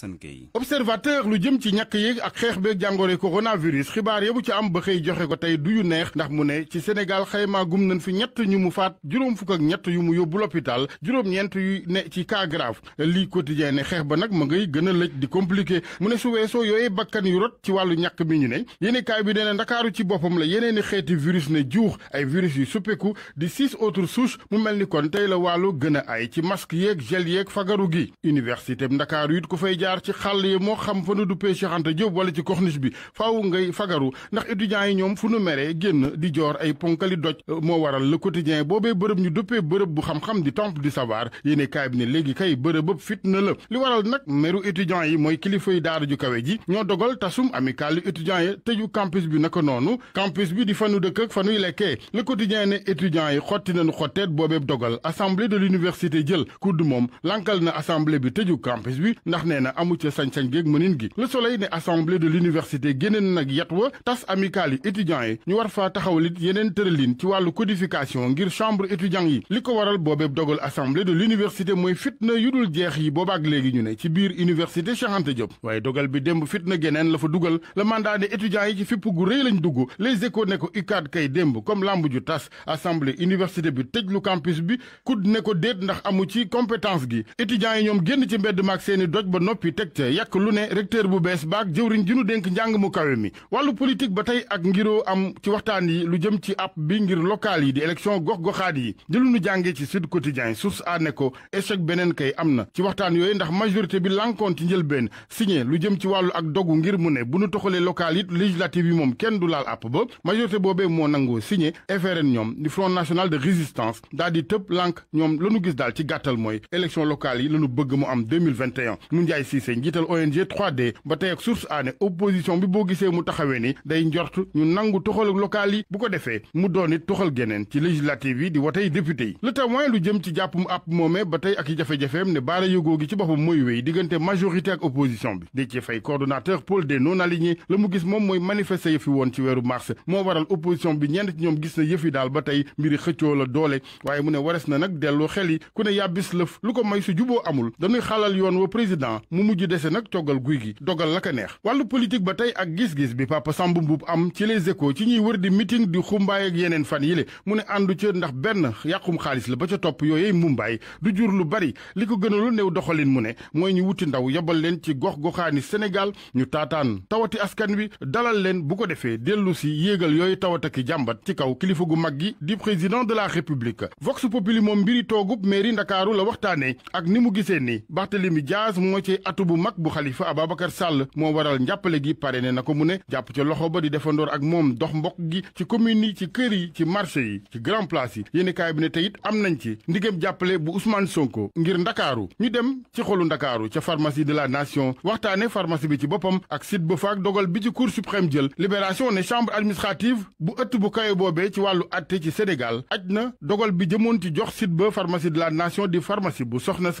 Assane Gueye observateur lu jëm ci ñàkk yeeg ak xeex bee beeg jàngoro coronavirus xibaar yëbu ci am ba xëy joxe ko tey du yu neex ndax mu ne ci Sénégal xaymaa gum nañ fi ñett ñu mu faat juróom fukk ak ñett yu mu yóbbu loppitaal juróom-ñeent yu ne ci cas grave lii quotidien ne xeex ba nag ma ngay gën a lëj di compliqué mu ne su weesoo yooyu bakkan yu rot ci wàllu ñàkk bi ñu ne yéene kaay bi nee na ndakaaru ci boppam la yeneen i xeeti virus ne juux ay virus yu suppeku di six autres souches mu mel ni kon tey la wàllu gën a ay ci masque yeeg gel yeeg fagaru gi université bi ndakaaru jaar ci xal yi mo xam fa nu duppee Cheikh Anta Diop wala ci corniche bi faaw ngay fagaru ndax étudiant yi ñom fu nu meree génn di jor ay ponkali doj euh, mo waral le quotidien bobé bërepp ñu duppee bërepp bu xam-xam di temple du savoir yéene kay bi ne légui kay bërepp fitna la li waral nak meru étudiant yi moy kilifa yi daara ju kawé ji ño dogal tasum amical étudiant yi teju campus bi naka noonu campus bi di fanu dëkk ak fanuy lekkee le quotidien né étudiant yi xotti nañu xotteet boobeeb dogal assemblée de l'université jël kudd mom lankal na assemblée bi teju campus bi ndax nee na sañ-sañ gi le soleil ne assemblée de l'université génneen nag yat tas amicali étudiant étudiants ñu war faa taxawalit yenen tëralin ci walu codification ngir chambre étudiant yi Liko waral bobé dogal assemblée de l'université moy fitna yudul jeex yi tibir légui ñu ne ci biir université chante Anta Diop dogal bi fitne fitna geneen la fa duggal le mandat des étudiants yi ci fipp gu reey lañ dugg les échos ne ko UCAD kay demb comme lamb ju tas assemblée université bi tëj lu campus bi kud ne ko déet ndax amu ci compétence gi étudiants yi ñom génn ci mbéd mak seeni doj ba Yakulune yak lu ne recteur bu bes baag jëwriñ ji nu dénk mu kawemi walu politique batay ak ngiro am ci waxtan yi lu jëm ci app bi ngir local yi di élection gox yi ci Sud Quotidien source a ne Benenkei échec benen kay amna ci waxtan yoy ndax majorité bi lànkoon ci ben signé lu jëm ci walu ak dogu ngir mu ne bu nu toxalee législative yi du laal app ba majorité bobe mo nangoo signé FRN ñom di Front National de Résistance dal di tëb lank ñom la nu gis dal ci gattal moy élection locale yi bëgg mu am 2021 mu Cissé ONG 3D ba tey ak source opposition bi bo gisee mu taxawé ni day njort ñu nangu toxal local yi bu ko défé mu doon toxal ci législative di watay député le témoin lu jëm ci jàpp mu àpp moomee ba ak jafé jafém né ne baara yógoo gi ci bopam moy wéy majorité ak opposition bi dee ci fay coordonnateur pôle des non alignés le mu gis mom moy manifester yëfi won ci wéru mars mo waral opposition bi ñenn ci ñoom gis na yëfi daal ba tey mbiri xëccio la doolé waye mu né wares na nak déllu xel yi ku né yabiss leuf lu ko may su amul dañuy xalal yoon wa président mujj dese nag coggal gi dogal la ko neex wàllu politique ba tey ak gis-gis bi Papa Samb Mbuub am ci les échos ci ñuy wër di meeting di xumbaay ak yeneen fan yi le mu ne àndu ca ndax benn yàqum xaalis la ba ca topp yooyey mumbaay du jur lu bari li ko gënalu new doxalin mu ne mooy ñu wuti ndaw yabal leen ci gox goxaani Sénégal ñu taataan tawati askan wi dalal leen bu ko defee dellu si yéegal yooyu ki jàmbat ci kaw kilifa gu mag gi di président de la république vox populi moom mbiri toogub mairie ndakaaru la waxtaane ak ni mu gisee ni atu bu mag bu xalifa Ababacar Sall moo waral njàppale gi pare ne na ko mu ne jàpp ca loxo ba di defandoor ak moom dox mbokk gi ci commune ci kër yi ci marché yi ci grand place yi yéeni kaay bi ne teyit am nañ ci ndigam jàppale bu Ousmane Sonko ngir ndakaaru ñu dem ci xolu ndakaaru ca pharmacie de la nation waxtaane pharmacie bi ci boppam ak site ba faak dogal bi ci cour suprême jël libération ne chambre administrative bu ëtt bu kayo ci wàllu atte na dogal bi jëmoon ci jox la nation di pharmacie bu soxnas